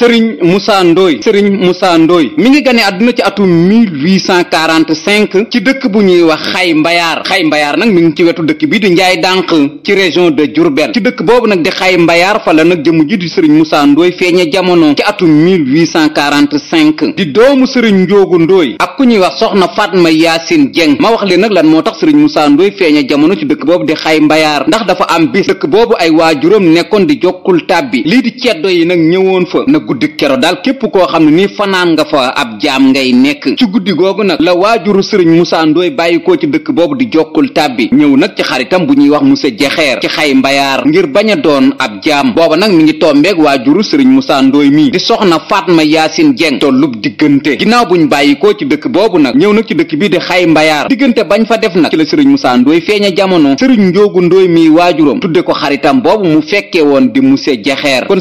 Serigne Moussa Ndoye Serigne Moussa Ndoye mi ngi gane àdduna ci atum 1845 ci dëkk bu ñuy wax xay mbayaar xay mbayaar nag mu ngi ci wetu dëkk bi di njaay dànq ci région de Diourbel ci dëkk boobu nag di xay mbayaar fa la nag jëmm ji di Serigne Moussa Ndoye feeñe jamono ci atum 1845 di doomu Serigne Njoogu Ndoye ak ku ñuy wax soxna Fatma Yaasin Jeng ma wax leen nag lan moo tax Serigne Moussa Ndoye feeñe jamono ci dëkk boobu di xay mbayaar ndax dafa am bi dëkk boobu ay waajuram nekkoon di jokkul tàbbi lii yi nag ñëwoon fa guddi kero daal képp koo xam ni nii fanaan nga fa ab jaam ngay nekk ci guddi googu nag la waajuru sëriñ Moussa Ndoye bàyyi ko ci dëkk boobu di jokkul tàbbi ñëw nag ci xaritam bu ñuy wax monsieur Jexeer ci xay mbayaar ngir bañ a doon ab jaam booba nag mi ngi tombeeg waajuru sëriñ Moussa Ndoye mii di soxna Fatma Yaasin Jeng tollub diggante ginnaaw buñ bàyyi ko ci dëkk boobu nag ñëw nag ci dëkk bii di xay mbayaar diggante bañ fa def nag ci la sëriñ Moussa Ndoye feeña jamono sëriñ Njoogu Ndoye mii waajuram tudde ko xaritam boobu mu fekk woon di monsieur Jexeer kon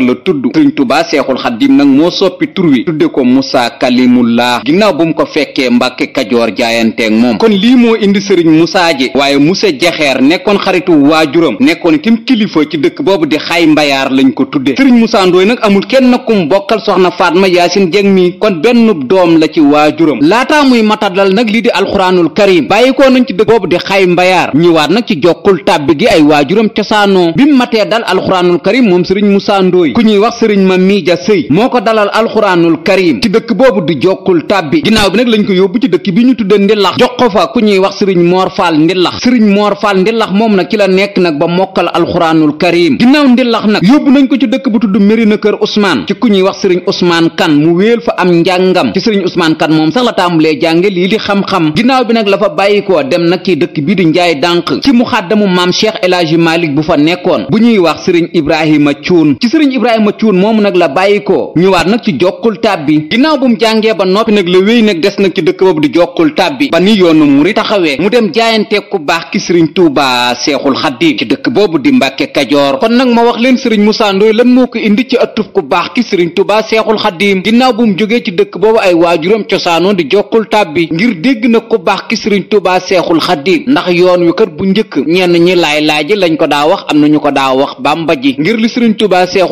Bakar la tudd sëriñ Tuubaa Seexul Xadiim nag moo soppi tur wi tudde ko Musaa Kalimullah ginnaaw bu mu ko fekkee Mbàkke Kajoor jaayanteeg moom kon lii moo indi sëriñ Musaa ji waaye Musaa Jaxeer nekkoon xaritu waajuram nekkoon itam kilifa ci dëkk boobu di Xay Mbayaar lañ ko tudde sëriñ Musaa Ndooy nag amul kenn kum bokkal soxna Faatma Yaasin Jeng mi kon benn doom la ci waajuram laataa muy dal nag lii di alxuraanul karim bàyyi ko nañ ci dëkk boobu di Xay Mbayaar ñëwaat nag ci jokkul tàbbi gi ay waajuram cosaanoo bi mu matee dal alxuraanul karim moom sëriñ Musaa Guy ku ñuy wax sëriñ ma mii ja sëy moo ko dalal alxuraanul karim ci dëkk boobu di jokkul tàbbi ginnaaw bi nag lañ ko yóbbu ci dëkk bi ñu tudde ndillax jox ko fa ku ñuy wax sëriñ moor faal ndillax sëriñ moor faal ndillax moom nag ki la nekk nag ba mokkal alxuraanul karim ginnaaw ndillax nag yóbbu nañ ko ci dëkk bu tudd Mérina Kër Ousmane ci ku ñuy wax sëriñ Ousmane Kan mu wéel fa am njàngam ci sëriñ Ousmane Kan moom sax la tàmbulee jànge lii di xam-xam ginnaaw bi nag la fa bàyyikoo dem nag ci dëkk bii di njaay dànq ci mu xàddamu maam Cheikh El Hadji bu fa nekkoon bu ñuy wax sëriñ Ibrahima Cuun ci ibrahima cuun moomu nag la bàyyi ko ñëwaat nag ci jokkul taab bi ginnaaw bu mu jàngee ba noppi nag la wéy nag des nag ci dëkk boobu di jokkul taab bi ba ni mu muri taxawee mu dem jaayanteek ku baax ki sëriñ tuuba seexul xaddim ci dëkk boobu di mbàkke kajoor kon nag ma wax leen sëriñ musaa ndooy lan moo ko indi ci attuf ku baax ki sëriñ tuuba seexul xaddim ginnaaw bu mu jógee ci dëkk boobu ay waajuram cosaanoo di jokkul taab bi ngir dégg nag ku baax ki sëriñ tuuba seexul xaddim ndax yoon wi kat bu njëkk ñenn ñi laay laaji lañ ko daa wax am na ñu ko daa wax bàmba ji ngir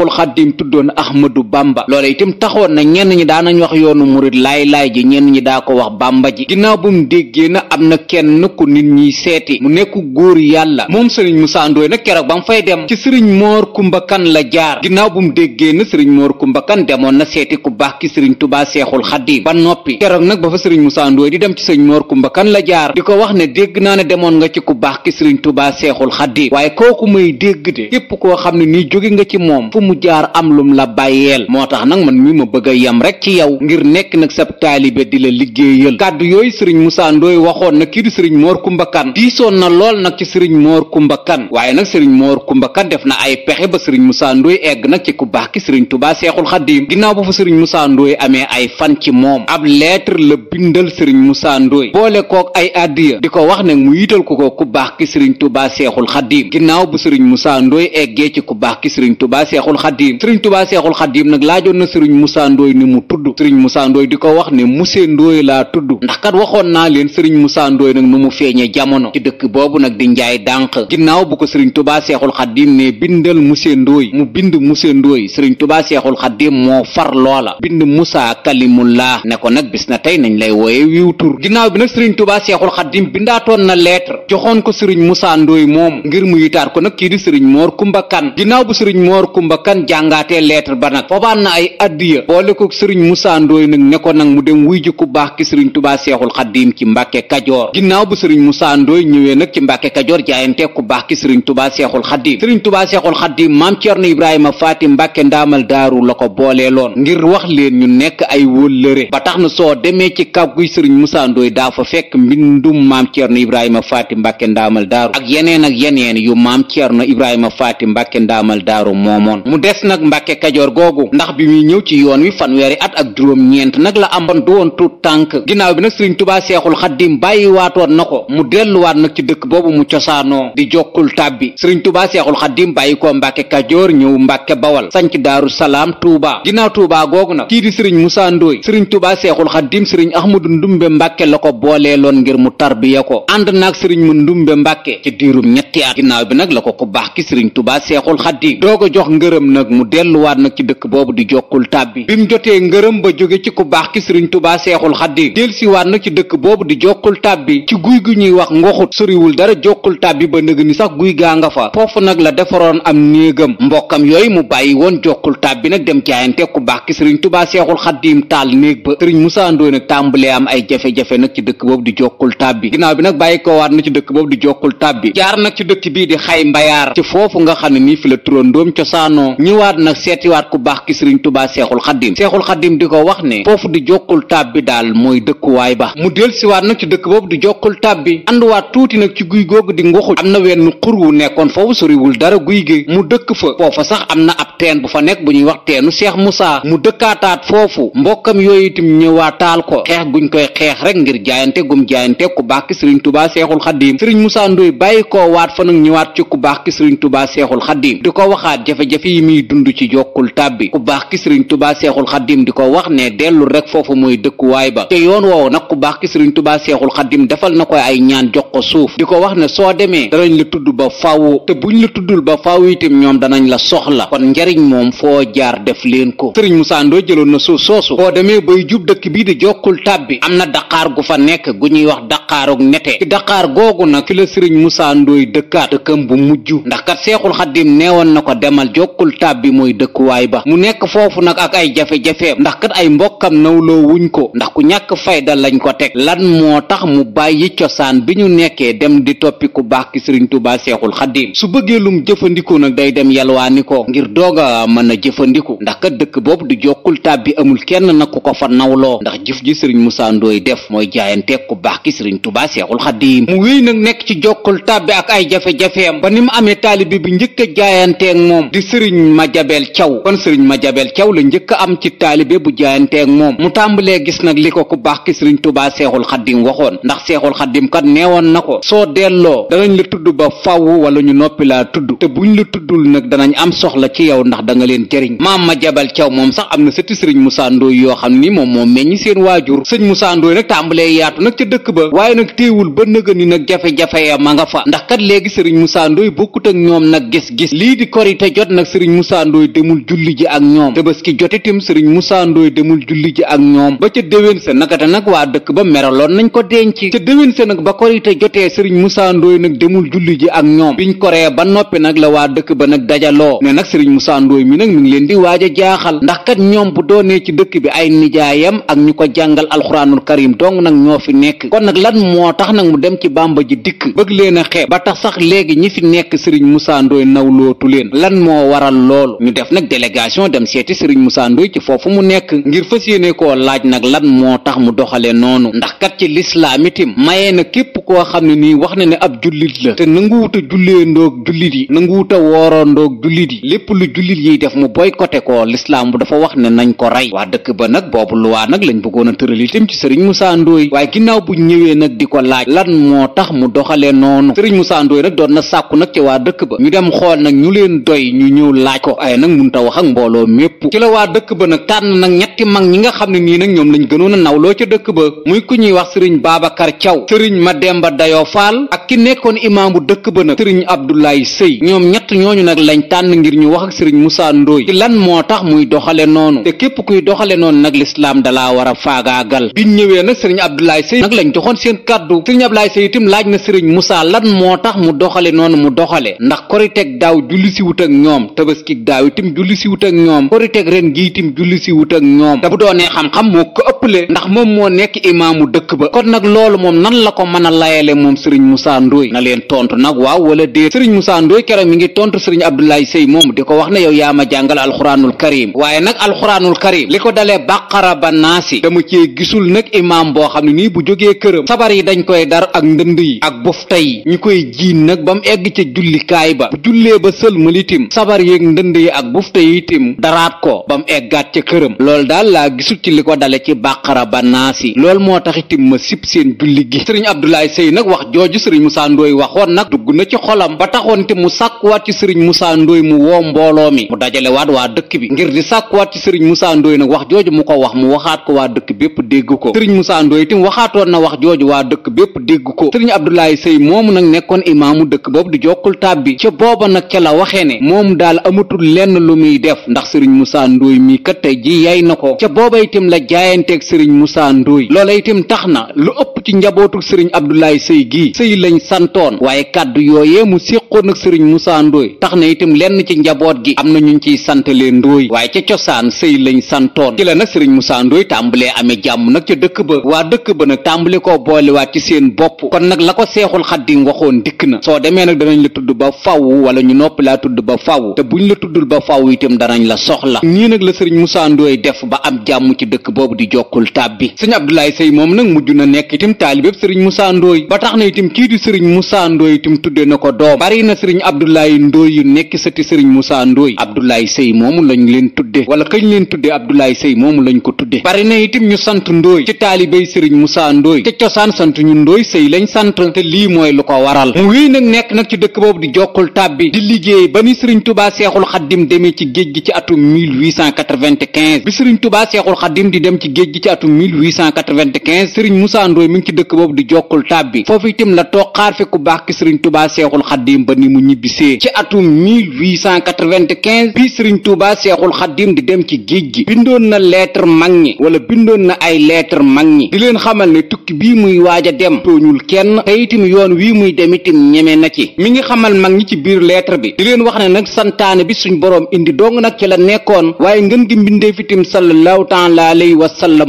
seexul xaddim tuddoon ahmadu bamba loola itam taxoon na ñenn ñi daanañ wax yoonu murit laay-laay ji ñenn ñi daa ko wax bamba ji ginnaaw bu mu déggee na am na kenn ku nit ñiy seeti mu nekk góor yàlla moom sëriñ Moussa Ndoye nag keroog ba mu fay dem ci sëriñ moor kumba kan la jaar ginnaaw bu mu déggee na sëriñ moor kumba kan demoon na seeti ku baax ki sëriñ tubaa seexul xaddim ba noppi keroog nag ba fa sëriñ Moussa Ndoye di dem ci sëriñ moor kumba kan la jaar di ko wax ne dégg naa ne demoon nga ci ku baax ki sëriñ tubaa seexul xaddim waaye kooku muy dégg de képp koo xam ne nii jóge jaar am lum la bàyyeel moo tax nag man mi ma bëgg a yem rek ci yow ngir nekk nag sab taalibe di la liggéeyal kàddu yooyu sëriñ Moussa waxoon na kii di sëriñ Mor Kumba Kan diisoon na lool nag ci sëriñ Mor Kumba Kan waaye nag sëriñ Mor Kumba Kan def na ay pexe ba sëriñ Moussa Ndoye egg nag ci ku baax ki sëriñ Touba Seexul Xaddiim ginnaaw ba fa sëriñ Moussa amee ay fan ci moom ab lettre la bindal sëriñ Moussa Ndoye boole kook ay addiya di ko wax ne mu yital ko ko ku baax ki sëriñ Touba Seexul Xaddiim ginnaaw bu xadim sëriñ tubaa seexul xadim nag laajoon na sëriñ musaa ndooy ni mu tudd sëriñ musaa ndooy di ko wax ne musee ndooy laa tudd ndax kat waxoon naa leen sëriñ musaa ndooy nag nu mu feeñe jamono ci dëkk boobu nag di njaay dànq ginnaaw bu ko sëriñ tubaa seexul xadim ne bindal musee ndooy mu bind musee ndooy sëriñ tubaa seexul xadim moo far loola bind musaa kalimullaa ne ko nag bis na tey nañ lay wooye wiiw tur ginnaaw bi nag sëriñ tubaa seexul xadim bindaatoon na lettre joxoon ko sëriñ musaa ndooy moom ngir mu yitaar ko nag kii di sëriñ moor kumba kan doon jàngaatee lettre ba nag fobaan na ay addiya boole ko sëriñ Moussa nag ne ko nag mu dem wuy ji ku baax ki sëriñ Tuubaa Seexul Xaddiim ci Mbàkke Kajoor ginnaaw bu sëriñ Moussa Ndoye ñëwee nag ci Mbàkke Kajoor jaayante ku baax ki sëriñ Tuubaa Seexul Xaddiim sëriñ Tuubaa Seexul Xaddiim maam Ceerno Ibrahima Faati Mbàkke ndaamal daaru la ko boolee loon ngir wax leen ñu nekk ay wóllëre ba tax na soo demee ci kaw guy sëriñ musaandooy daa fa fekk mbindum maam Ceerno Ibrahima Faati Mbàkke ndaamal daaru ak yeneen ak yeneen yu maam Ceerno Ibrahima Faati Mbàkke ndaamal daaru moomoon des nag mbàkke kajoor googu ndax bi muy ñëw ci yoon wi fanweeri at ak juróom-ñeent nag la amoon du woon tuut tànk ginnaaw bi nag sëriñ tubaa seexul xaddim bàyyi waatoon na ko mu delluwaat nag ci dëkk boobu mu cosaanoo di jokkul tàbbi sëriñ tubaa seexul xaddim bàyyi ko mbàkke kajoor ñëw mbàkke bawal sanc daaru salaam tuubaa ginnaaw tuubaa googu nag kii di sëriñ musaa ndooy sëriñ tubaa seexul xaddim sëriñ axmadu ndumbe mbàkke la ko booleeloon ngir mu tarbiya ko ànd naag sëriñ mu ndumbe mbàkke ci diirum ñetti at ginnaaw bi nag la ko ku baax ki sëriñ tubaa seexul xaddim nag mu delluwaat nag ci dëkk boobu di jokkul tàbbi bi mu jotee ngërëm ba jóge ci ku baax ki sëriñ tubaa seexul xaddim delsiwaat nag ci dëkk boobu di jokkul tàbbi ci guy gu ñuy wax ngoxut soriwul dara jokkul tàbbi ba nëg ni sax guy gaa fa foofu nag la defaroon am néegam mbokkam yooyu mu bàyyi woon jokkul tàbbi nag dem jaayante ku baax ki sëriñ tubaa seexul xaddim taal néeg ba sëriñ Musaa tàmbalee am ay jafe nag ci dëkk boobu di jokkul tàbbi ginnaaw bi nag bàyyi ko waat na ci dëkk boobu di jokkul tàbbi jaar nag ci dëkk bii di xay mbayaar ci foofu nga xam ne nii fi la turandoom cosaanoo ñëwaat nag seetiwaat ku baax ki sëriñ tubaa seexul xaddim seexul xaddim di ko wax ne foofu di jokkul taab bi daal mooy dëkkuwaay ba mu delsiwaat nag ci dëkk boobu di jokkul taab bi ànduwaat tuuti nag ci guy googu di nguxu am na wenn xur wu nekkoon foofu soriwul dara guy gi mu dëkk fa sax am na ab teen bu fa nekk bu ñuy wax teenu seex musaa mu dëkkaataat foofu mbokkam yooyu itam ñëwaataal ko guñ koy xeex rek ngir jaayante gum jaayante ku baax ki sëriñ tubaa seexul xaddim sëriñ musaa ndoy bàyyi ko waat fa nag ñëwaat ci ku baax ki sëriñ tubaa seexul xaddim di ko waxaat jafe-jafe yi ñuy dund ci jokkul tàbbi ku baax ki sëriñ tubaa seexul xaddim di ko wax ne dellu rek foofu mooy dëkkuwaay ba te yoon woowu nag ku baax ki sëriñ tubaa seexul xaddim defal na koy ay ñaan jox ko suuf di ko wax ne soo demee danañ la tudd ba faaw te buñ la tuddul ba faaw itam ñoom danañ la soxla kon njariñ moom foo jaar def leen ko sëriñ Moussa Ndoye jëloon na suuf soosu boo demee bay jub dëkk bii di jokkul tàbbi am na daqaar gu fa nekk gu ñuy wax daqaaruk nete ci daqaar googu nag la sëriñ Moussa Ndoye dëkkaat dëkkam bu mujj ndax kat seexul kaab bi mooy dëkkuwaay ba mu nekk foofu nag ak ay jafe-jafeem ndax kat ay mbokkam nawloo wuñ ko ndax ku ñàkk fayda lañu ko teg lan moo tax mu bàyyi cosaan bi ñu nekkee dem di toppi ku baax ki sëriñ tubaa seexul xaddiim su bëggee lum jëfandikoo nag day dem yalwaani ko ngir dooga mën a jëfandiku ndax kat dëkk boobu di jokkul taab bi amul kenn nag ku ko fa nawloo ndax jëf ji sëriñ Musaa def mooy jaayanteek ku baax ki sëriñ tubaa xaddiim mu wéy nag ba ni sëriñ Madiabel Thiaw kon sëriñ Madiabel Thiaw la njëkk a am ci taalibe bu jaayanteeg moom mu tàmbalee gis nag li ko ku baax ki sëriñ Tuubaa seexul xaddim waxoon ndax seexul xaddim kat neewoon na ko soo delloo danañ la tudd ba faw wala ñu noppi laa tudd te buñ la tuddul nag danañ am soxla ci yaw ndax da nga leen jëriñ maam Madiabel Thiaw moom sax am na sëtti sëriñ Moussa Ndoye yoo xam ni moom moo meññi seen waajur sëriñ Moussa Ndoye nag tàmbalee yaatu nag ca dëkk ba waaye nag téewul ba nëga ni nag jafe-jafe ya ma nga fa ndax Moussa Ndoye demul julli ji ak ñoom tabaski jotitim sëriñ Moussa Ndoye demul julli ji ak ñoom ba ca déwén sa nakata nag waa dëkk ba meraloon nañ ko denc ca déwén sa nag ba korite jotee sëriñ Moussa Ndoye nag demul julli ji ak ñoom biñ koree ba noppi nag la waa dëkk ba nag dajaloo ne nag sëriñ Moussa Ndoye mi nag mi ngi leen di waaj a jaaxal ndax kat ñoom bu doonee ci dëkk bi ay nijaayam ak ñu ko jàngal alxuraanul karim dong nag ñoo fi nekk kon nag lan moo tax nag mu dem ci bàmba ji dikk bëgg leen a xeeb ba tax sax léegi ñi fi nekk sëriñ Moussa Ndoye loolu ñu def nag délégation dem seeti Serigne Moussa Ndoye ci foofu mu nekk ngir fas yéene koo laaj nag lan moo tax mu doxalee noonu ndax kat ci lislaam itim mayee na képp koo xam ne nii wax na ne ab jullit la te nanguwut a jullee ndoog yi nanguwut a wooroo ndoog jullit lépp lu jullit yiy def mu boykote ko lislaam dafa wax ne nañ ko rey waa dëkk ba nag boobu luwaa nag lañ bëggoon a tëral itam ci Serigne Moussa Ndoye waaye ginnaaw bu ñëwee nag di ko laaj lan moo tax mu doxalee noonu Serigne Moussa Ndoye nag doon na sàkku nag ci waa dëkk ba ñu dem xool nag ñu leen doy ñu ñëw laaj laaj ko ay nag munta wax ak mbooloo mépp ci la waa dëkk ba nag tànn nag ñetti mag ñi nga xam ne nii nag ñoom lañ gënoon a nawloo ca dëkk ba muy ku ñuy wax sëriñ Babacar Thiaw sëriñ Mademba Dayo faal ak ki nekkoon imaam dëkk ba nag sëriñ Abdoulaye Sëy ñoom ñett ñooñu nag lañ tànn ngir ñu wax ak sëriñ Moussa Ndoye ci lan moo tax muy doxale noonu te képp kuy doxale noonu nag lislaam dalaa war a faagaagal biñ ñëwee nag sëriñ Abdoulaye Sëy nag lañ joxoon seen kàddu sëriñ Abdoulaye Sëy itam laaj na sëriñ Moussa lan moo tax mu doxale noonu mu doxale ndax koriteeg daaw julli ak ñoom ki daaw itam julli si wut ak ñoom koriteeg ren gi itam si wut ñoom te bu xam-xam moo ko ëppale ndax moom moo nekk imaamu dëkk ba kon nag loolu moom nan la ko mën a layale moom sëriñ Moussa Ndoye na leen tontu nag waaw wala déet sëriñ Moussa Ndoye keroog mi ngi tontu sëriñ Abdoulaye Sey moom di ko wax ne yow yaa ma jàngal alxuraanul karim waaye nag alxuraanul karim li ko dalee bàqara ba naasi dama cee gisul nag imaam boo xam ne nii bu jógee këram sabar yi dañ koy dar ak ndënd yi ak bufta yi ñu koy jiin nag ba mu egg ca jullikaay ba bu jullee ba sëlmal itim sabar yeeg ndënd yi ak bufta yi itim ko ba mu eggaat aqraba naasi loolu moo tax itim ma sib seen julli gi sëriñ Abdoulaye Seye nag wax jooju sëriñ Moussa Ndoye waxoon nag dugg na ci xolam ba taxoon te mu sàkkuwaat ci sëriñ Moussa Ndoye mu woo mbooloo mi mu dajalewaat waa dëkk bi ngir di waat ci sëriñ Moussa Ndoye nag wax jooju mu ko wax mu waxaat ko waa dëkk bépp dégg ko sëriñ Moussa Ndoye itam waxaatoon na wax jooju waa dëkk bépp dégg ko sëriñ Abdoulaye Seye moomu nag nekkoon imaamu dëkk boobu di jokk taab bi ca booba nag ca la waxee ne moom daal amatul lenn lu muy def ndax sëriñ Moussa Ndoye mi sëriñ Moussa Ndoye loola itam tax na lu ëpp ci njabootu sëriñ Abdoulaye sëy gii sëy lañ santoon waaye kàddu yooyee mu séqoon ak sëriñ Moussa Ndoye tax na itam lenn ci njaboot gi am na ñuñ ciy santalee Ndoye waaye ca cosaan sëy lañ santoon ci la nag sëriñ Moussa Ndoye tàmbalee amee jàmm nag ca dëkk ba waa dëkk ba nag tàmbale koo boolewaat ci seen bopp kon nag la ko seexul xaddim waxoon dikk na soo demee nag danañ la tudd ba faw wala ñu nopp tudd ba faw te buñ la tuddul ba faw itam danañ la soxla ñii nag la sëriñ Moussa Ndoye def ba am jàmm ci dëkk boobu di jokk yokkul tab bi sëñ Abdoulaye Seye moom nag mujj na nekk itam taalibeb sëriñ Moussa Ndoye ba tax na itam kii di sëriñ Moussa Ndoye itam tudde na ko doom bari na sëriñ Abdoulaye Ndoye yu nekk sëti sëriñ Moussa Ndoye Abdoulaye Seye moomu lañ leen tudde wala kañ leen tudde Abdoulaye Seye moomu lañ ko tudde bari na itam ñu sant Ndoye ci taalibey sëriñ Moussa Ndoye ca cosaan sant ñu Ndoye Seye lañ sant te lii mooy lu ko waral mu wéy nag nekk nag ci dëkk boobu di jokkul tab bi di liggéey ba ni gi ci atum 1895 sëriñ Moussa Ndoye mi ngi ci dëkk boobu di jokkul tab bi foofu itam la toog xaar fi ku baax ki sëriñ Touba Seexul Xaddim ba ni mu ñibbisee ci atum bi sëriñ Touba Seexul Xaddim di dem ci géej bindoon na lettre mag ñi wala bindoon na ay lettre mag ñi di leen xamal ne tukki bii muy waaj a dem tooñul kenn te itam yoon wii muy dem itam ñeme na ci mi ngi xamal mag ñi ci biir lettre bi di leen wax ne nag santaane bi suñ boroom indi dong nag ci la nekkoon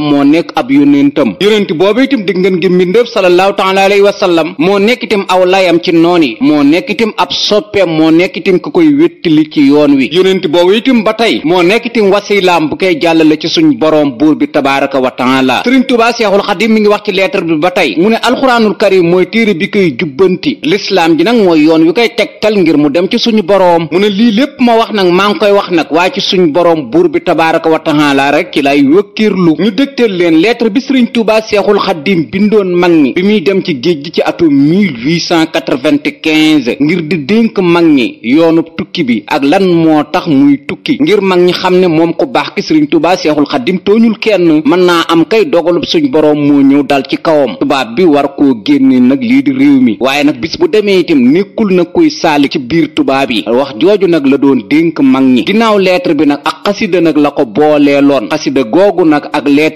wasallam moo nekk ab yónnentam yónent boobu itam dig ngeen gi mbindéef salallaahu taala alayhi wa moo nekk itam aw layam ci noon yi moo nekk itam ab soppeem moo nekk itam ku koy wéttali ci yoon wi yónent boobu itam ba tey moo nekk itam wasilaam bu koy jàllale ci suñ boroom buur bi tabaraka wa taala sëriñ tubaa seexul xadim mi ngi wax ci lettre bi ba tey mu ne alxuraanul karim mooy téere bi koy jubbanti lislaam ji nag mooy yoon wi koy teg tegtal ngir mu dem ci suñ boroom mu ne lii lépp maa ngi wa taala rek mbégteel leen lettre bi sëriñ Tuubaa Seexul Xaddim bindoon mag ñi bi muy dem ci géej gi ci atum 1895 ngir di dénk mag ñi yoonub tukki bi ak lan moo tax muy tukki ngir mag ñi xam ne moom ku baax ki sëriñ Tuubaa Seexul Xaddim tooñul kenn mën naa am kay dogalub suñ boroom moo ñëw dal ci kawam tubaab bi war ko génne nag lii di réew mi waaye nag bis bu demee itam nekkul na kuy saali ci biir tubaab yi wax jooju nag la doon dénk mag ñi ginnaaw lettre bi nag ak xasida nag la ko boolee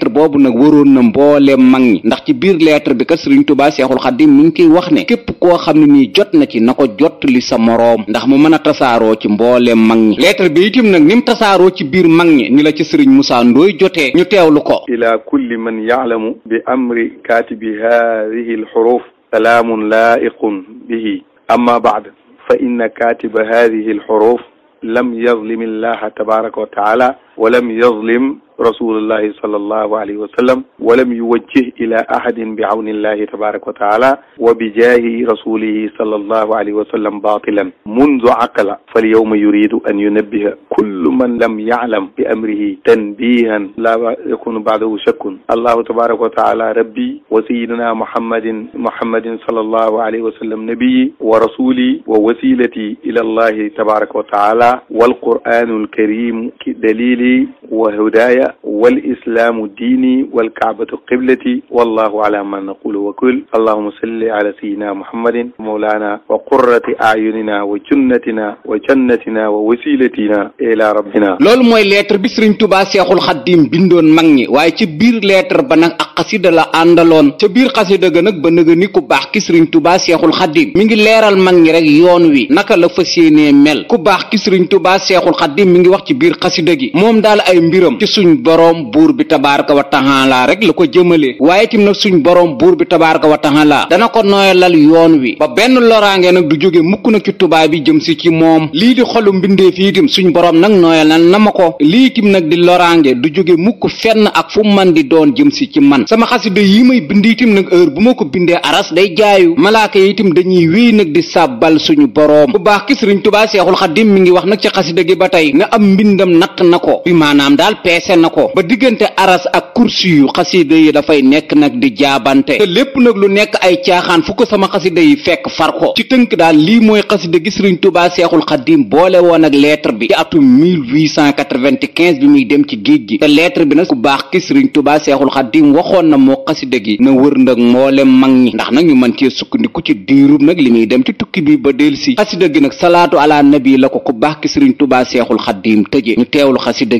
boobu nag waroon na mbooleem mag ndax ci biir lettre bi kat sëriñ tubaa seexul xaddim mi ngi ciy wax ne képp koo xam ne nii jot na ci na ko jot li sa moroom ndax mu mën a tasaaroo ci mbooleem mag ñi lettre bi itam nag ni mu tasaaroo ci biir mag ñi ni la ci sëriñ Moussa Ndoye jotee ñu teewlu ko ila kulli man yaalamu bi amri kaatibi haadihi alxuruf salaamun laa'iqun bihi amma baad fa inna kaatiba haadihi alxuruf lam yazlim illaha tabaraka wa taala walam yazlim rasulullahi sallallahu alayhi wa sallam walam yuwajjih ila ahadin bi awnillahi tabaraka wa taala wa bi jaahi rasulihi sallallahu alayhi wa sallam baatilan mundu aqala fal yawma yuridu an yunabbiha kullu man lam ya'lam bi amrihi tanbihan la yakunu ba'dahu shakkun allahu tabaraka wa taala rabbi wa sayyidina muhammadin muhammadin sallallahu alayhi wa sallam nabiyyi wa rasuli wa wasilati ila allahi tabaraka wa taala wal qur'anul karim ki dalili mabda'i wa hudaya wal islaamu diini wal kaabatu qiblati wallahu ala ma naqulu wakil allahuma salli ala sayyidina muhammadin mawlana wa qurrati ayunina wa junnatina wa jannatina wa wasilatina ila rabbina loolu mooy lettre bi sëriñ tubaa seexul xaddim bindoon mag ñi waaye ci biir lettre ba nag ak xasida la àndaloon ca biir xasida ga nag ba nëga ni ku baax ki sëriñ baa seexul xaddim mi ngi leeral mag ñi rek yoon wi naka la fas yéenee mel ku baax ki sëriñ tubaa seexul xaddim mi ngi wax ci biir xasida gi moom moom daal ay mbiram ci suñ boroom buur bi tabaaraka wa taxaala rek la ko jëmale waaye tim nag suñ boroom buur bi tabaaraka wa taxaala dana ko nooyalal yoon wi ba benn loraange nag du jóge mukk nag ci tubaab bi jëm si ci moom lii di xolu mbindeef yi tim suñ boroom nag nooyalal na ma ko lii tim nag di loraange du jóge mukk fenn ak fu man di doon jëm si ci man sama xasida yi may bind itim nag heure bu ma ko bindee aras day jaayu malaaka yi dañuy wéy nag di sàbbal suñu boroom bu baax kis riñ tubaa seexul xadim mi ngi wax nag ci xasida gi ba tey na am mbindam natt na ko bi maanaam daal peese na ko ba diggante aras ak kursi yu xasida yi dafay nekk nag di jaabante te lépp nag lu nekk ay caaxaan fu ko sama xasida yi fekk far ko ci tënk daal lii mooy xasida gi Sëriñ tubaa Seexul Xadiim boole woon ak lettre bi ci atum 1895 bi muy dem ci géej gi te lettre bi nag ku baax ki Sëriñ Tuubaa Seexul Xadiim waxoon na moo xasida gi na wër nag mboolem mag ñi ndax nag ñu mën cee sukkandiku ci diirub nag li muy dem ci tukki bi ba delsi xasida gi nag salaatu ala nabi la ko ku baax ki Sëriñ Tuubaa Seexul Xadiim tëje ñu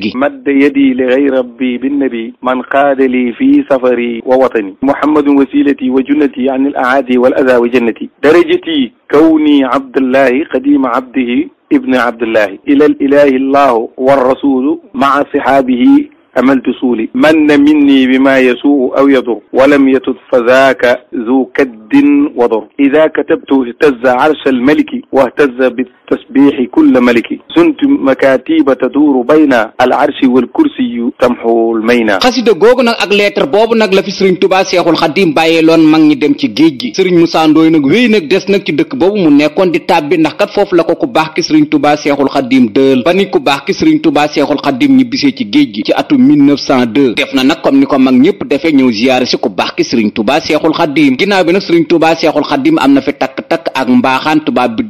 gi madd yadi li gay rabbi binnabi man qaadali fi safari wa watani muhammadun wasilati wa junnati an al aadi wal aza wa jannati darajati kawni abdullahi qadima abdihi ibni abdullahi ila al ilahi allahu wa rasulu maa sihaabihi amaltu suuli man na minni bi maa yasuu aw yadur walam yatut fa zaaka zu kaddin wadur ida katabtu ihtaza arsha almaliki wahtaza bi tasbiixi kulla maliki zuntu makaatiba taduuru bayna al arshi wal kursiyu tamxul mayna xasida googu nag ak lettre boobu nag la fi sëriñ tubaa seexul xadim bàyyee loon mag ñi dem ci géej gi sëriñ Moussa Ndoye nag wéy nag des nag ci dëkk boobu mu nekkoon di bi ndax kat foofu la ko ku baax ki sëriñ tubaa seexul xadim dël ba ni ku baax ki sëriñ tubaa seexul xadim ñibbisee ci géej gi ci atum 1902 def na nag comme ni ko mag ñëpp defee ñëw ziyaare si ku baax ki sëriñ tubaa seexul xadim ginnaaw bi nag sëriñ tubaa seexul xadim am na fi takk-takk ak mbaaxaan tubaab bi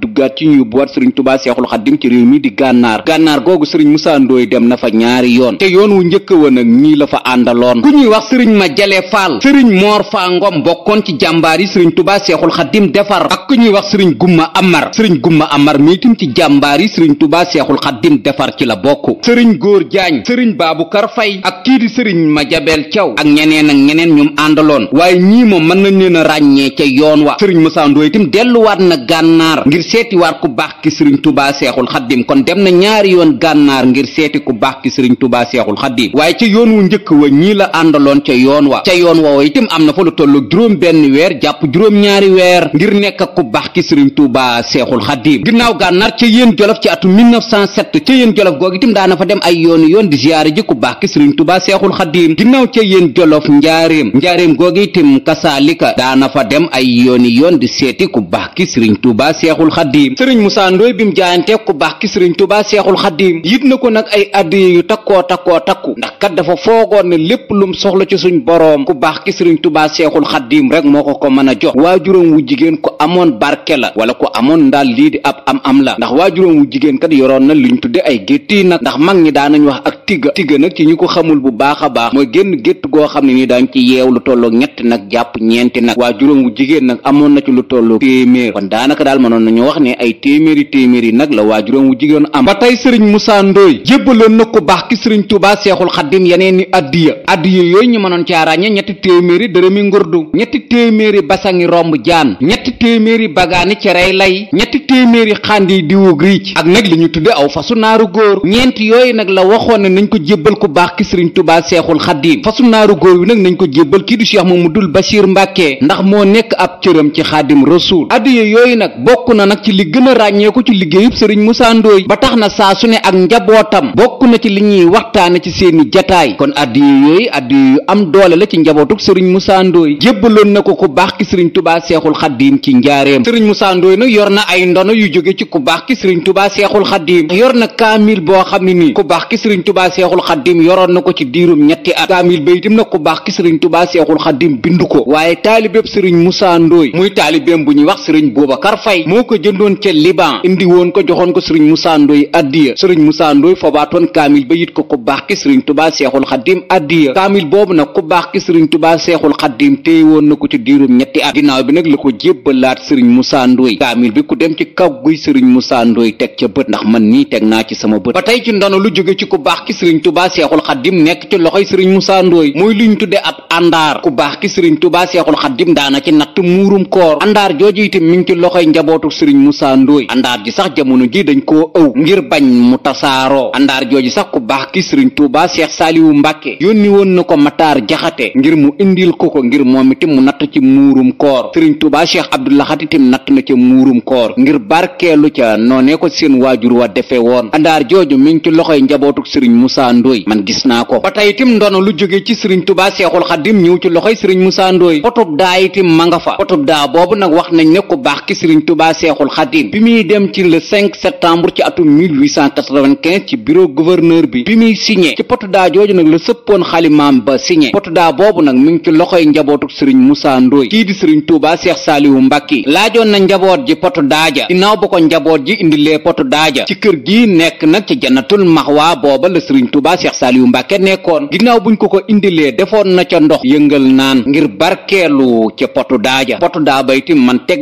sëriñ tubaa seexul xaddim ci réew mi di gànnaar gànnaar googu sëriñ musaa ndooy dem na fa ñaari yoon te yoon wu njëkk woon ak ñii la fa àndaloon ku ñuy wax sëriñ ma jale faal sëriñ moor faa ngom bokkoon ci jàmbaar yi sëriñ tubaa seexul xaddim defar ak ku ñuy wax sëriñ gumma ci jàmbaar yi sëriñ tubaa seexul xaddim defar ci la bokk sëriñ góor jaañ sëriñ baabukar fay ak kii di sëriñ ma jabel caw ak ñeneen ak ñeneen ñum àndaloon waaye ñii moom mën nañ leen a ràññee ca yoon wa sëriñ musaa ndooy itam delluwaat na gànnaar ngir seetiwaat ku baax ki sëriñ tubaa seexul xaddim kon dem na ñaari yoon gànnaar ngir seeti ku baax ki sëriñ tubaa seexul xaddim waaye ca yoon wu njëkk wa ñii la àndaloon ca yoon wa ca yoon woowa itam am na fa lu tollu juróom benn weer jàpp juróom ñaari weer ngir nekk ak ku baax ki sëriñ tubaa seexul xaddim ginnaaw gànnaar ca yéen jolof ci atu 1907 ca yéen jolof googu itam daana fa dem ay yoonu yoon di ziyaare ji ku baax ki sëriñ tubaa seexul xaddim ginnaaw ca yéen jolof njaareem njaareem googu itam kasaalika daana fa dem ay yooni yoon di seeti ku baax rëy bi mu jaayante ku baax ki sëriñ tubaa seexul xaddiim yit na ko nag ay addiye yu takkoo takkoo takku ndax kat dafa foogoon ne lépp lum soxla ci suñu boroom ku baax ki sëriñ tubaa seexul xaddiim rek moo ko ko mën a jox waajuram wu jigéen ko amoon barke la wala ko amoon daal lii di ab am am la ndax waajuram wu jigéen kat yoroon na luñ tudde ay gétti nag ndax mag ñi daanañ wax ak tigga tigga nag ci ñu ko xamul bu baax a baax mooy génn gétt goo xam ne ni daañ ci yeew lu tolloo ñett nag jàpp ñeenti nag waajuram wu jigéen nag amoon na ci lu tolloo téeméer daanaka daal téeméer yi nag la waajuram wu jigéen am ba tey sëriñ Moussa Ndoye jébbaloon na ko baax ki sëriñ Touba Seexul Xaddim yeneen i addiya addiya yooyu ñu mënoon caa ràññe ñetti téeméeri dërëmi ngurdu ñetti téeméeri basangi romb jaan ñetti téeméeri bagaani cerey lay ñetti téeméeri xàndi diwu riic ak nag li ñu tudde aw fasu naaru góor ñeent yooyu nag la waxoon ne nañ ko jébbal ku baax ki sëriñ Touba Seexul Xaddim fasu naaru góor wi nag nañ ko jébbal kii du Cheikh Mamadul Bachir Mbàkke ndax moo nekk ab cëram ci Xaadim ci liggéeyub sëriñ Moussa Ndoye ba tax na saa su ne ak njabootam bokk na ci li ñuy waxtaane ci seeni jataay kon addiya yooyu addiya yu am doole la ci njabootuk sëriñ Moussa Ndoye jébbaloon na ko ku baax ki sëriñ Touba Seexul Xaddiim ci njaareem sëriñ Moussa Ndoye nag yor na ay ndono yu jóge ci ku baax ki sëriñ Touba Seexul Xaddiim yor na kaamil boo xam ne nii ku baax ki sëriñ tubaa Seexul Xaddiim yoroon na ko ci diirum ñetti at kaamil ba itam nag ku baax ki sëriñ Touba Seexul Xaddiim bind ko waaye taalibeeb sëriñ Moussa Ndoye muy taalibeem bu ñuy wax indi woon ko joxoon ko sëriñ Moussa Ndoye addiya sëriñ Moussa Ndoye fobaatoon kaamil ba yit ko ku baax ki sëriñ Tuubaa Seexul Xaddiim addiya kaamil boobu nag ku baax ki sëriñ Tuubaa Seexul Xaddiim na ko ci diirum ñetti at bi nag la ko jébbalaat sëriñ Moussa Ndoye kaamil bi ku dem ci kaw guy sëriñ Moussa Ndoye teg ca bët ndax man ni teg naa ci sama bët ba tey ci ndono lu jóge ci ku baax ki sëriñ Tuubaa Seexul Xaddiim nekk ci loxoy sëriñ Moussa Ndoye muy luñ tudde ab àndaar ku baax ki sëriñ Tuubaa Seexul Xaddiim daana ci natt muurum koor àndaar jooju itam mi ngi ci loxoy njabootu sëriñ Moussa Ndoye andaar ji sax jamono ji dañ ko ëw ngir bañ mu tasaaroo andaar jooju sax ku baax ki sëriñ Touba Cheikh Saliou Mbacke yónni woon na ko mataar Jaxate ngir mu indil ko ko ngir moom itam mu natt ci muurum koor sëriñ Touba Cheikh Abdou Lahad itam natt na ci muurum koor ngir barkeelu ca noonee ko seen waajur wa defee woon andaar jooju mi ngi ci loxoy njabootu sëriñ Moussa Ndoye man gis naa ko ba tey itam ndono lu jóge ci sëriñ Touba Cheikhul Khadim ñëw ci loxoy sëriñ Moussa fa otub daa boobu nag wax nañ ne ku baax ki sëriñ tubaa seexul xadim bi muy dem ci le 5 septembre ci atum 1895 ci bureau gouverneur bi bi muy signé ci potu daa jooju nag la sëppoon xalimaam ba signé potu daa boobu nag mu ngi ci loxoy njabootuk sëriñ Moussa Ndoye kii di sëriñ Touba Seex Saaliwu Mbàkke laajoon na njaboot ji potu daaja ginnaaw ba ko njaboot ji indilee potu daaja ci kër gi nekk nag ci jannatul maxwaa booba la sëriñ Touba Seex Saaliwu Mbàkke nekkoon ginnaaw buñ ko ko indilee defoon na ca ndox yëngal naan daaja potu daa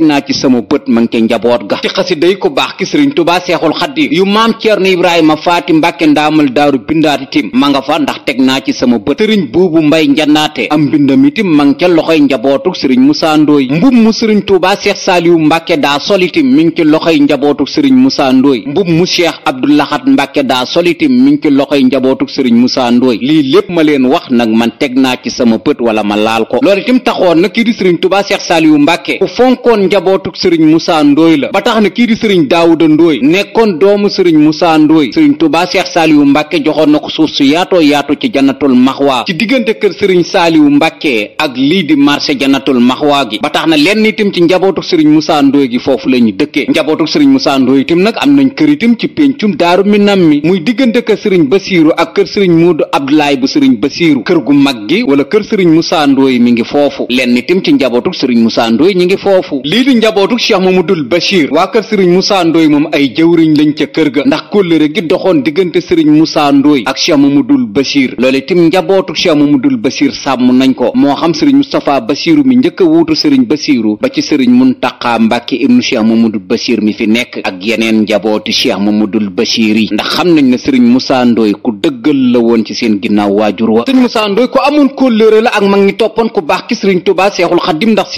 naa ci sama bët man ca njaboot ga ci xasiday ku baax ki sëriñ tubaa seexul xaddim yu maam ceerno ibrahima faati mbàkke ndaamal daaru bindaati tim ma nga fa teg naa ci sama bët sëriñ buubu mbay njannaate am mbindamitim ma nga ca loxoy njabootuk sëriñ musaa mbub mu sëriñ tubaa seex saaliwu mbàkke daa solitim mi ngi ci loxoy njabootuk sëriñ musaa ndooy mbub mu cheikh abdulaxat mbàkke daa solitim mi ngi ci loxoy njabootuk sëriñ musaa ndooy lii lépp ma leen wax nag man teg naa ci sama bët wala ma laal ko loolu itam taxoon na kii di sëriñ tubaa seex Saliou Mbàkke ku fonkoon njabootuk sëriñ Moussa Ndoye la ba tax na kii di sëriñ Daawuda Ndoye nekkoon doomu sëriñ Moussa Ndoye sëriñ Touba Cheikh Saliou Mbàkke joxoon na ko suuf su yaatoo yaatu ci jannatul maxwaa ci diggante kër sëriñ Saliou Mbàkke ak lii di marché jannatul maxwaa gi ba tax na lenn itam ci njabootuk sëriñ Moussa Ndoye gi foofu la ñu dëkkee njabootuk sëriñ Moussa Ndoye itam nag am nañ kër itam ci péncum daaru minam mi muy diggante kër sëriñ Basiiru ak kër sëriñ Muudu Abdoulaye bu sëriñ Basiiru kër gu mag gi wala kër sëriñ Moussa Ndoye mi ngi foofu lenn ci njabootuk sëriñ sëriñ Moussa Ndoye ñi ngi foofu lii di njabootuk Cheikh Mamadul Bachir waa kër sëriñ Moussa Ndoye moom ay jëwriñ lañ ca kër ga ndax kóllëre gi doxoon diggante sëriñ Moussa Ndoye ak Cheikh Mamadul Bachir loolu itam njabootuk Cheikh Mamadul sàmm nañ ko moo xam sëriñ Moustapha Bachiru mi njëkk a wuutu sëriñ Bachiru ba ci sëriñ Muntaqa Mbàkke ibnu Cheikh Mamadul Bachir mi fi nekk ak yeneen njabooti mu dul Bachir yi ndax xam nañ na sëriñ Moussa Ndoye ku dëggal la woon ci seen ginnaaw waajur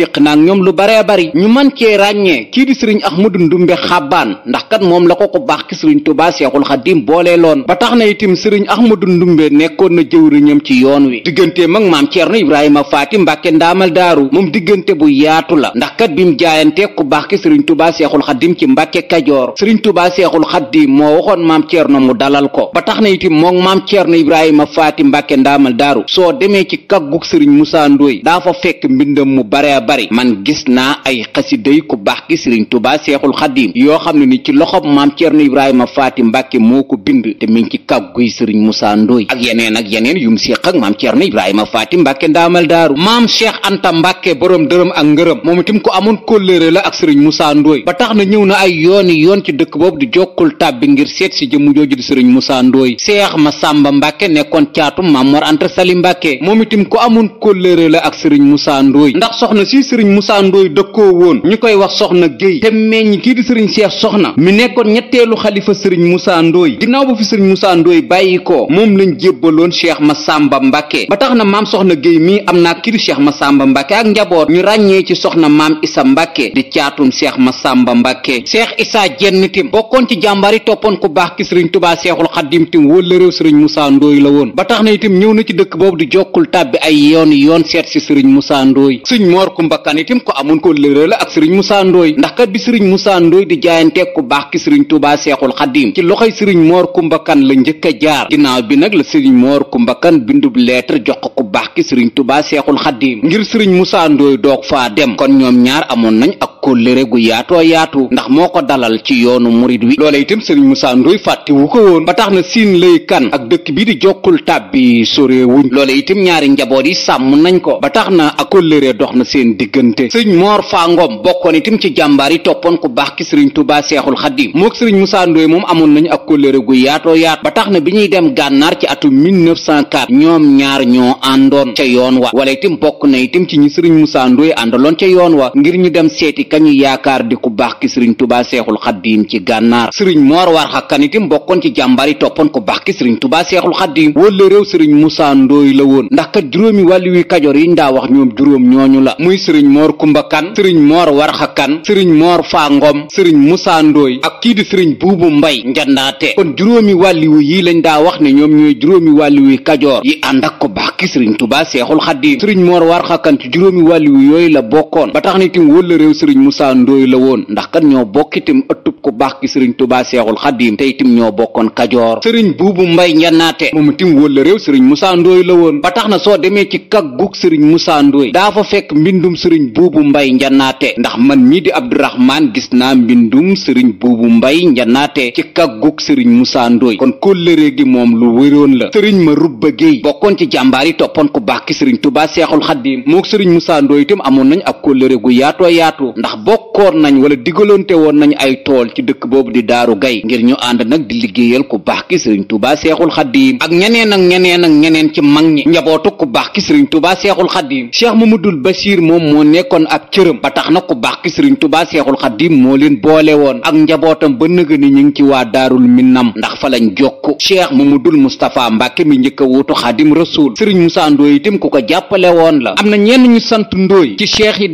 séq naag ñoom lu baree bari ñu man cee ràññee kii di sëriñ Ahmadu Ndumbe Xabbaan ndax kat moom la ko ko baax ki sëriñ Tuubaa Seexul Xadiim boolee loon ba tax na itim sëriñ Ahmadu Ndumbe nekkoon na jëwriñam ci yoon wi diggantee mag maam Ceerno Ibrahima Faati Mbàkke ndaamal daaru moom diggante bu yaatu la ndax kat bi mu jaayantee ku baax ki sëriñ Tuubaa Seexul Xadiim ci Mbàkke Kajoor sëriñ Tuubaa Seexul Xadiim moo waxoon maam na mu dalal ko ba tax na itim moom maam Ceerno Ibrahima Faati Mbàkke ndaamal daaru soo demee ci kaggug sëriñ Musaa Ndooy daa mu bare bari man gis naa ay xasiday ku baax ki sëriñ tubaa seexul xadim yoo xam ne ni ci loxob maam ceerno ibrahima faati mbàkke moo ko bind te mi ngi ci kàgguy sëriñ musaa ndóoy yeneen ak yeneen yu mu séq ak maam ceerno ibrahima faati mbàkke ndaamal daaru maam cheikh anta mbàkke borom dërëm ak ngërëm moom itam ko amoon kóllëre la ak sëriñ musaa ndóoy ba tax na ñëw na ay yooni yoon ci dëkk boobu di jokkul tàbbi ngir seet si jëmu jooju sëriñ musaa ndóoy ma sàmba mbàkke nekkoon caatum maam mor sali mbàkke moom itam ko amoon kóllëre la ak sëriñ musaa ndax soxna si si sëriñ Moussa Ndoye dëkkoo woon ñu koy wax soxna Guèye te meññ kii di sëriñ Cheikh soxna mi nekkoon ñetteelu xalifa sëriñ Moussa Ndoye ginnaaw ba fi sëriñ Moussa Ndoye bàyyi ko moom lañ jébbaloon ma Massamba Mbacke ba tax na maam soxna géey mii am naa kiri Cheikh Massamba Mbacke ak njaboot ñu ràññee ci soxna maam Issa Mbacke di caatum Cheikh Massamba Mbacke Cheikh Issa Diène tim bokkoon ci jàmbaar yi toppoon ku baax ki sëriñ Touba Cheikhul Khadim tim wala réew sëriñ Moussa Ndoye la woon ba tax na itam ñëw na ci dëkk boobu di jokkul tàbbi ay yoon yoon seet si sëriñ Moussa Ndoye sëriñ Mor Kumba Kan itam ko amoon ko lëre ak sëriñ Moussa ndax kat bi di Touba Seexul Xadim ci loxoy sëriñ Moor Kumba Kan la njëkk a jaar ginnaaw bi nag la sëriñ Moor Kumba Kan bindub lettre jox ko ku baax ki tu ba Seexul Xadim ngir sëriñ Moussa Ndoye doog faa dem kon ñoom ñaar amoon nañ ak kóllëre gu yaatoo yaatu ndax moo ko dalal ci yoonu murit wi loola itam sëriñ Moussa Ndoye fàttewu ko woon ba tax na siin lay kan ak dëkk bi di jokkul tàbbi sorewuñ loola itam ñaari njaboot yi sàmm nañ ko ba tax na ak kóllëre dox na seen diggante sëriñ Moor Fangom bokkoon itam ci jàmbaar yi toppoon ku baax ki sëriñ Touba Seexul Xadim moog sëriñ Moussa Ndoye moom amoon nañu ak kóllëre gu yaatoo yaatu ba tax na bi ñuy dem gànnaar ci atum 1904 ñoom ñaar ñoo àndoon ca yoon wa wala itam bokk na itam ci ñi sëriñ Moussa Ndoye àndaloon ca yoon wa ngir ñu dem seeti kañu yaakaar di ku baax ki sëriñ tubaa seexul xaddiim ci gànnaar sëriñ moor war xa kanitim bokkoon ci jàmbar yi toppoon ku baax ki sëriñ tubaa seexul xaddiim wala réew sëriñ musaa ndooy la woon ndax kat juróomi wàlli wi kajoor yiñ daa wax ñoom juróom ñooñu la muy sëriñ moor kumba kan sëriñ moor war xa kan sëriñ moor faa ngom sëriñ musaa ndooy ak kii di sëriñ buubu mbay njandaate kon juróomi wàlli wu yii lañ daa wax ne ñoom ñooy juróomi wàlli wi kajoor yi ànd ak ku baax ki sëriñ tubaa seexul xaddiim sëriñ la Moussa Ndoye la woon ndax kat ñoo bokk itam ëttub ku baax ki sëriñ Tuubaa Seexul Xadiim te itam ñoo bokkoon Kajoor sëriñ Buubu Mbay Njanaate moom itam wólla réew sëriñ Moussa Ndoye la woon ba tax na soo demee ci kaggug sëriñ Moussa Ndoye daa fa fekk mbindum sëriñ Buubu Mbay Njanaate ndax man mii di Abdourahmane gis naa mbindum sëriñ Buubu Mbay Njanaate ci kaggug sëriñ Moussa Ndoye kon kóllëre gi moom lu wéroon la sëriñ ma rubba géey bokkoon ci jàmbaar yi toppoon ku baax ki sëriñ Tuubaa Seexul ndax bokkoon nañ wala diggaloonte woon nañ ay tool ci dëkk boobu di daaru gay ngir ñu ànd nag di liggéeyal ku baax ki sëriñ tubaa seexul xaddiim ak ñeneen ak ñeneen ak ñeneen ci mag ñi njabootu ku baax ki sëriñ tubaa seexul xaddiim cheikh mamadul basiir moom moo nekkoon ak cërëm ba tax na ku baax ki sëriñ tubaa seexul xaddiim moo leen boole woon ak njabootam ba nëga ni ñu ngi ci waa daarul mi nam ndax fa lañ mu mu dul mustapha mbàkke mi njëkk a wuutu xaadim rasuul sëriñ musaa ndooy itam ku ko jàppale woon la am na ñenn sant ndooy ci cheikh yi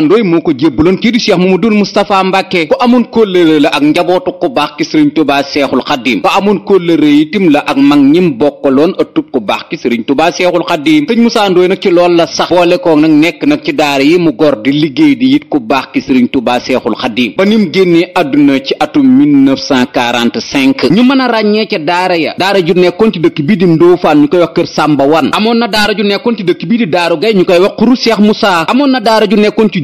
Moustapha Ndoye moo ko jébbaloon kii di Cheikh Mamadou Moustapha Mbàkke ku amoon kóllëre la ak njabootu ku baax ki Sëriñ Seexul Xadiim ku amoon kóllëre itim la ak mag ñim a ëttub ku baax ki Sëriñ Tuubaa Seexul Xadiim sëñ Moussa Ndoye nag ci loolu la sax boole ko nag nekk nag ci daara yi mu gor di liggéey di it ku baax ki Sëriñ Seexul Xadiim ba nim génnee àdduna ci atum ñu mën a ràññee ca daara ya daara ju nekkoon ci dëkk bii di Ndofane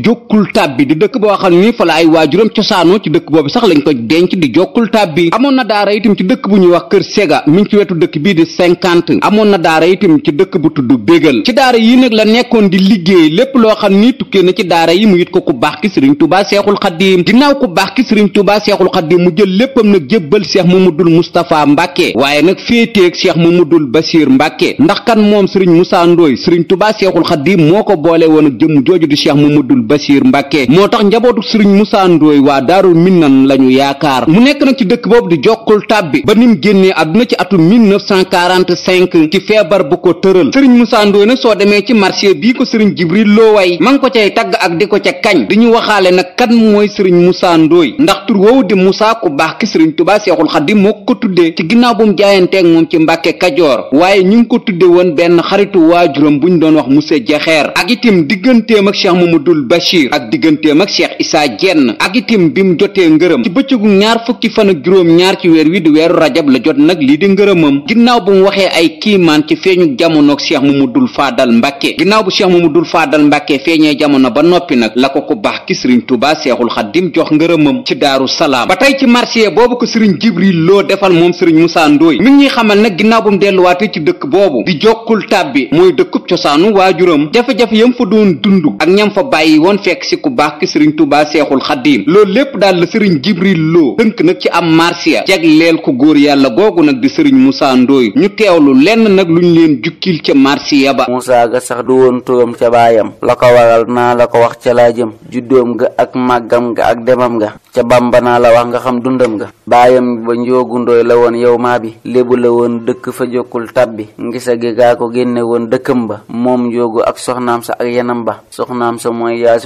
jokkul tab bi di dëkk boo xam ni fa la ay waajuram cosaanoo ci dëkk boobu sax lañ ko denc di jokkul tab bi amoon na daara itam ci dëkk bu ñuy wax kër sega mi ngi ci wetu dëkk bii di cinquante amoon na daara itam ci dëkk bu tudd bégal ci daara yi nag la nekkoon di liggéey lépp loo xam ni tukkee na ci daara yi mu it ko ku baax ki sëriñ Tuubaa Seexul Xadiim ginnaaw ku baax ki sëriñ Tuubaa Seexul Xadiim mu jël léppam nag jëbbal Seex Mamadul Mustapha Mbàkke waaye nag féeteeg Seex Mamadul Basiir Mbàkke ndax kan moom sëriñ Musaa Ndooy sëriñ Tuubaa Seexul Xadiim moo ko boole woon ak jëmm jooju di Seex Mamadul Bachir Mbacke moo tax njabootu sëriñ Moussa Ndoye waa Daarul Minnan lañu yaakaar mu nekk nag ci dëkk boobu di jokkul tàbbi ba nim génnee àdduna ci atum 1945 ci feebar bu ko tëral sëriñ Moussa Ndoye soo demee ci marché bii ko sëriñ Jibril Lo way ma ngi ko cay tagg ak di ko ca kañ di ñu waxaale nag kan mooy sëriñ Moussa Ndoye ndax tur woowu di Moussa ku baax ki sëriñ Tuubaa Seexul Xadiim moo ko tuddee ci ginnaaw bu mu jaayanteeg moom ci Mbàkke Kajoor waaye ñu ngi ko tudde woon benn xaritu waajuram bu ñu doon wax Musaa Jaxeer ak Bachir ak digganteem ak Cheikh Issa Diène ak itim bi mu jotee ngërëm ci bëccëgu ñaar fukki fan ak juróom-ñaar ci weer wi di weeru rajab la jot nag lii di ngërëmam ginnaaw bu mu waxee ay kiimaan ci feeñu jamonoog Cheikh Mamadou Fadal Mbàkke ginnaaw bu seex Cheikh Mamadou Fadal Mbàkke feeñee jamono ba noppi nag la ko ko baax ki Sëriñ Tuubaa Seexul Xaddim jox ngërëmam ci Daaru Salaam ba tey ci marché boobu ko Sëriñ Jibril loo defal moom Sëriñ Musaa Ndooy mi ñuy xamal nag ginnaaw bu mu delluwaatee ci dëkk boobu di jokkul tàbbi mooy dëkkub cosaanu waajuram jafe demoon fekk si ku baax ki sëriñ Tuubaa Seexul Xadiim loolu lépp daal la sëriñ Jibril Lo tënk nag ci am marsiya jagleel ko góor yàlla googu nag di sëriñ Moussa Ndoye ñu teewlu lenn nag luñ leen jukkil ca marsiya ba Moussa ga sax du woon turam ca baayam la ko waral naa la ko wax ca laa jëm juddoom ga ak màggam ga ak demam nga ca Bàmba naa la wax nga xam dundam nga baayam ba njoogu ndooy la woon yow maa bi lébu la woon dëkk fa jokkul tabbi ngisa gi gaa ko génne woon dëkkam ba moom njoogu ak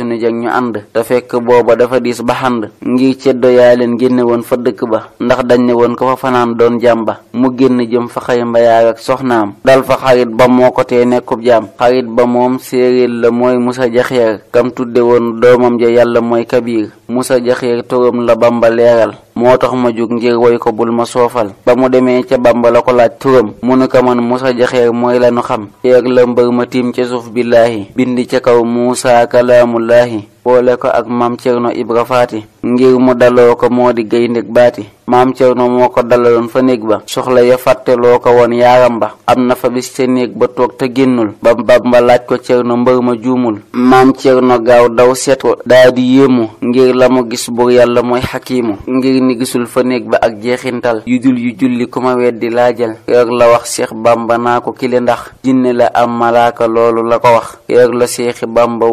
Alsunu Jeng ñu ànd te fekk booba dafa diis ba xand ngir ceddo yaa leen génne woon fa dëkk ba ndax dañ ne woon ko fa fanaan doon jàmba mu génn jëm fa xëy mbayaar ak soxnaam dal fa xarit ba moo ko tee nekkub jaam xarit ba moom séeréer la mooy musa jaxeer kam tudde woon doomam ja yàlla mooy kabiir musa jaxeer turam la bamba leeral moo tax ma jóg ngir woy ko bul ma soofal ba mu demee ca bàmba la ko laaj turam mu nu ko man musa jaxeer mooy lanu xam yeeg la mbër ma tiim ca suuf billaahi bind ca kaw muusa kalaamullaahi boole ko ak maam Cerno Ibra Faati ngir mu daloo ko moo di gayndeg baati maam no moo ko dalaloon fa néeg ba soxla ya fàtteloo ko woon yaaram ba am na fa bis ca néeg ba toog te génnul ba ba laaj ko no mbër ma juumul maam Cerno gaaw daw seet ko daa di yéemu ngir la mu gis buur yàlla mooy xakiimu ngir ni gisul fa néeg ba ak jeexintal yu dul yu julli ku ma weddi laajal keroog la wax Seex Bamba naa ko kile ndax jinne la am malaaka loolu la wax la Seexi Bamba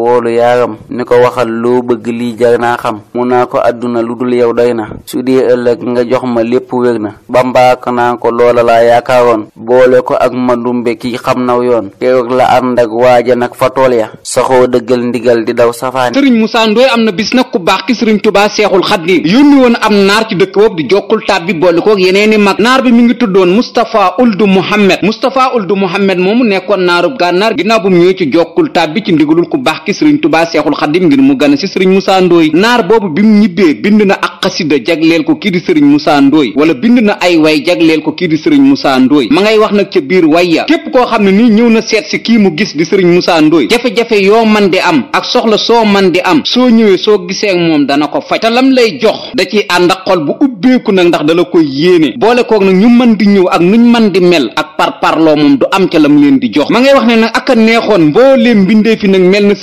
waxal loo bëgg lii jar naa xam mu naa ko àdduna lu dul na su dee ëllëg nga jox ma lépp wér na bambaak naa ko loola laa yaakaaroon boole ko ak mandumbe kii xam naw yoon keroog la ànd ak waaja nag tool ya saxoo dëggal ndigal di daw safaani sëriñ Moussa Ndoye am na bis nag ku baax ki sëriñ Tuubaa Seexul Xadiim yónni woon am naar ci dëkk boobu di jokkul taat bi boole ko yeneeni mag naar bi mi ngi tuddoon Moustapha Ould Mouhamed Moustapha Ould Mouhamed moomu nekkoon naarub gànnaar ginnaaw bu mu ñëwee ci jokkul taat bi ci ndigalul ku baax ki sëriñ Tuubaa Seexul Xadiim ngir mu gane ci sëriñ Moussa Ndoye naar boobu bi mu ñibbee bind na ak xasida jagleel ko kii di sëriñ Moussa Ndoye wala bind na ay way jagleel ko kii di sëriñ Moussa ma ngay wax nag ca biir wayya képp koo xam ne nii ñëw na seet si kii mu gis di sëriñ Moussa Ndoye jafe-jafe yoo man di am ak soxla soo man di am soo ñëwee soo gisee moom dana ko faj te lam lay jox da ciy ànd ak xol bu ubbeeku nag ndax dala koy yéene boole koog nag ñu mën di ñëw ak nuñ mën di mel ak par parloo moom du am ca lam leen di jox ma ngay wax ne nag a neexoon mbooleem mbindee fi nag mel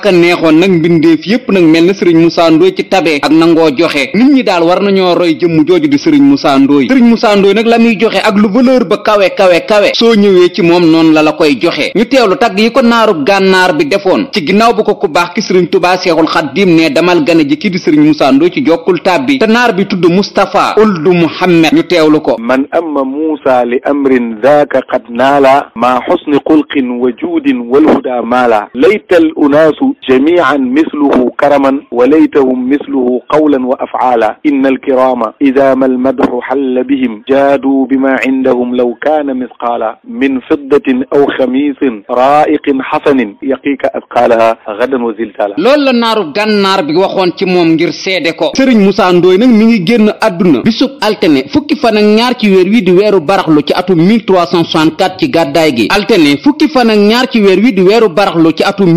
ak neexoon nag mbindeef yépp nag mel na sëriñ Moussa Ndoye tabe ak nangoo joxe nit ñi daal war nañoo roy jëmm jooju di sëriñ Moussa Ndoye sëriñ Moussa Ndoye nag la muy joxe ak lu valeur ba kawe kawe kawe soo ñëwee ci moom noonu la la koy joxe ñu teew lu tag yi ko naaru gànnaar bi defoon ci ginnaw bu ko ku baax ki sëriñ Tubaa Seexul Xaddiim ne damal gane ji kii di sëriñ Moussa Ndoye ci jokkul tab bi te naar bi tudd Moustapha Uldu Muhammad ñu lu ko man amma Muusa li amrin daaka qad naala maa xusni xulqin wa juudin walhuda maala layta al unaasu jamian misluhu karaman wa laytahum مثله قولا وأفعالا إن الكرام إذا ما المدح حل بهم جادوا بما عندهم لو كان مثقالا من فضة أو خميس رائق حسن يقيك أثقالها غدا وزلزالا loolu la naaru gànnaar bi waxoon moom ngir seede ko Serigne Moussa Ndoye nag mi ngi génn àdduna bisub altene fukki fan ak ñaar ci weer wi di weeru baraxlu ci atum 1364 ci gàddaay gi altene fukki fan ak ñaar ci weer wi di weeru baraxlu ci atum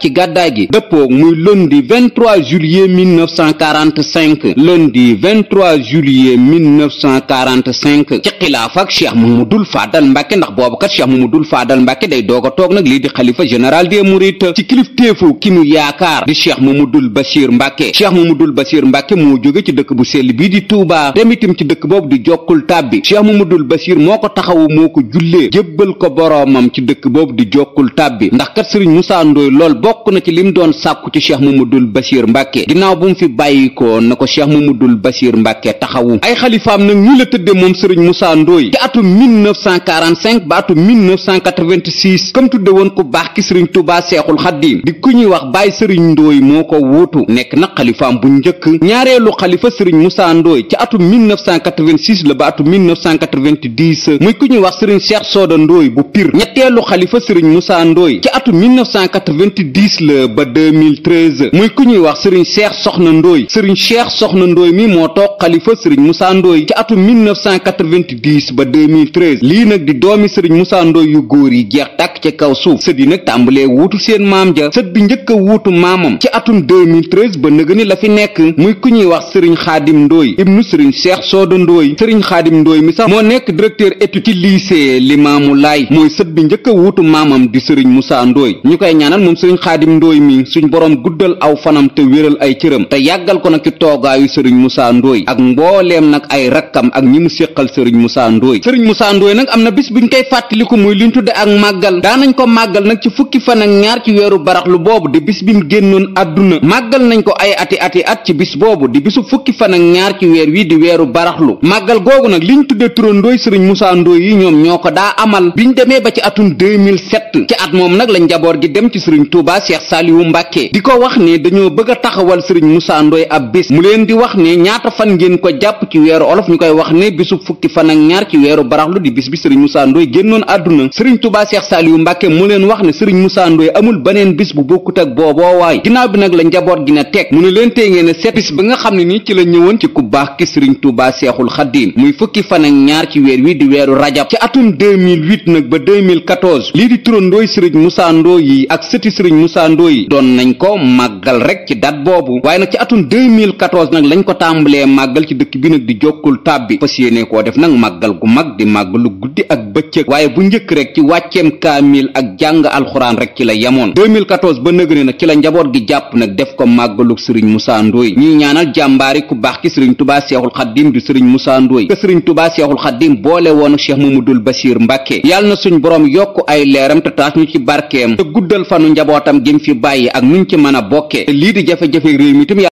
ci gàddaay gi dëppoo muy lundi 23 juillet juillet 1945 lundi 23 juillet 1945 ci xilaaf ak cheikh mamadul faadal mbàkke ndax boobu kat mu dul faadal mbàkke day doog a toog nag lii di xalifa général des mourides ci kilifteefu ki nu yaakaar di cheikh mu mu dul cheikh mamadul bachir mbàkke moo joge ci dëkk bu sell bii di Touba dem itam ci dëkk boobu di jokkul tàbbi cheikh mamadul bachir moo ko taxawu moo ko jullee jébbal ko boroomam ci dëkk boobu di jokkul tàbbi ndax kat sëriñ Moussa lool bokk na ci lim doon sàkku ci mbàkke ginnaaw bu mu fi bàyyikoo na ko cheikh mamadul bachir mbàkke taxawu ay xalifaam nag ñu la tëdde moom sëriñ Moussa Ndoye ci atum ba atum 1986 comme tudde woon ku baax ki sëriñ Touba seexul xaddiim di ku ñuy wax bàyyi sëriñ Ndoye moo ko wuutu nekk nag xalifaam bu njëkk ñaareelu xalifa sëriñ Moussa Ndoye ci atum 1986 la ba atum 1990 muy ku ñuy wax sëriñ Cheikh Soda Ndoye bu Pire ñetteelu xalifa sëriñ Moussa Ndoye ci atum 1990 la ba 2013 muy ku ñuy wax sëriñ Serigne Cheikh Soxna Ndoye Serigne Cheikh Soxna ndooy mi moo xalifa sëriñ Moussa Ndoye ci atum 1990 ba 2013 lii nag di doomi sëriñ Moussa Ndoye yu góor yi jeex tàkk ca kaw suuf sët yi nag tàmbalee wuutu seen maam ja sët bi njëkk a maamam ci atum 2013 ba nëgëni la fi nekk muy ku ñuy wax sëriñ Xaadim Ndoye ibnu sëriñ Cheikh Sooda Ndoye sëriñ Xaadim Ndoye mi sax moo nekk directeur étude ci lycée Limaamu Laay mooy sët bi njëkk wuutu maamam di sëriñ Moussa Ndoye ñu koy ñaanal moom sëriñ Xaadim Ndoye mi suñ boroom guddal aw fanam te wéral ay cëram te yàggal ko nag ci toogaayu sëriñ Moussa ak mbooleem nag ay rakkam ak ñi mu séqal sëriñ Moussa Ndoye sëriñ Moussa nag am na bis ñu koy fàttaliku muy li ñu tudde ak màggal daanañ ko màggal nag ci fukki fan ak ñaar ci weeru baraxlu boobu di bis bi mu génnoon àdduna màggal nañ ko ay ati ati at ci bis boobu di bisu fukki fan ak ñaar ci weer wii di weeru baraxlu màggal googu nag liñ tudde turandooy sëriñ Moussa Ndoye yi ñoom ñoo ko daa amal bi ñu demee ba ci atum 2007 ci at moom nag la njaboor gi dem ci sëriñ Touba Cheikh Saliou Mbacke di ko wax ne dañoo bëgg taxawal sëriñ Moussa Ndoye ab mu leen di wax ñaata fan ngeen ko jàpp ci weeru olof ñu koy wax ne bisub fukki fan ak ñaar ci weeru baraxlu di bis bi sëriñ Moussa Ndoye génnoon àdduna sëriñ Touba Cheikh Saliou Mbacke mu leen wax ne sëriñ Moussa Ndoye amul baneen bis bu bokkut ak booboo waay ginnaaw bi nag la njaboot gi ne teg mu ne leen tee ngeen seet bis bi nga xam ne nii ci la ñëwoon ci ku baax ki sëriñ Touba Cheikhul Khadim muy fukki fan ñaar ci weer wi di weeru rajab ci atum nag ba 2014 lii di turandooy sëriñ Moussa Ndoye yi ak sëti sëriñ Moussa yi doon nañ ko màggal rek ci date boobu waaye nag ci màggal di jokkul taab bi fas yéene koo def la yemoon 2014 ba nëgëne nag ci la njaboot gi jàpp nag def ko màggalug sëriñ Moussa Ndoye ñaanal jàmbaari ku baax ki sëriñ Touba Seexul Xaddim di sëriñ Moussa Ndoye ka sëriñ Touba Seexul Xaddim boole woon ak Cheikh Mamadul Basiir Mbàkke yàlla na suñ boroom yokk ay leeram te ñu ci barkeem te guddal fanu njabootam gim fi bàyyi ak nuñ ci mën a lii di jafe-jafe réew mi tam